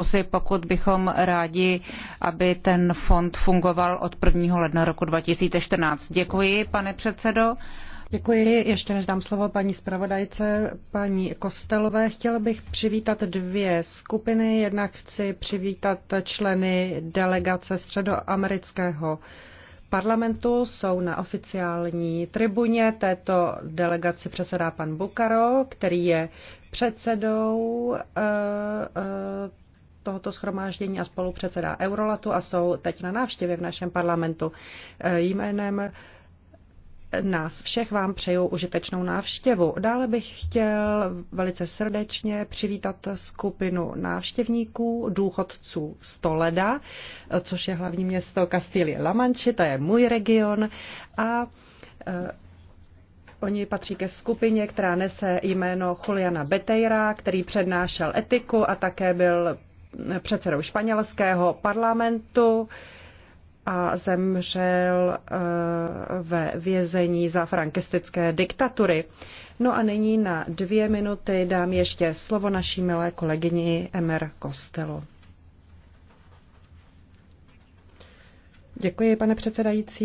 diskusy, pokud bychom rádi, aby ten fond fungoval od 1. ledna roku 2014. Děkuji, pane předsedo. Děkuji. Ještě než dám slovo paní zpravodajce, paní Kostelové, chtěla bych přivítat dvě skupiny. Jednak chci přivítat členy delegace středoamerického parlamentu jsou na oficiální tribuně. Této delegaci předsedá pan Bukaro, který je předsedou eh, eh, tohoto schromáždění a spolupředseda Eurolatu a jsou teď na návštěvě v našem parlamentu. Eh, jménem nás všech vám přeju užitečnou návštěvu. Dále bych chtěl velice srdečně přivítat skupinu návštěvníků, důchodců Stoleda, eh, což je hlavní město Kastilie La Manche, to je můj region a eh, Oni patří ke skupině, která nese jméno Juliana Beteira, který přednášel etiku a také byl předsedou španělského parlamentu a zemřel eh, ve vězení za frankistické diktatury. No a nyní na dvě minuty dám ještě slovo naší milé kolegyni Emer Kostelo. Děkuji, pane předsedající.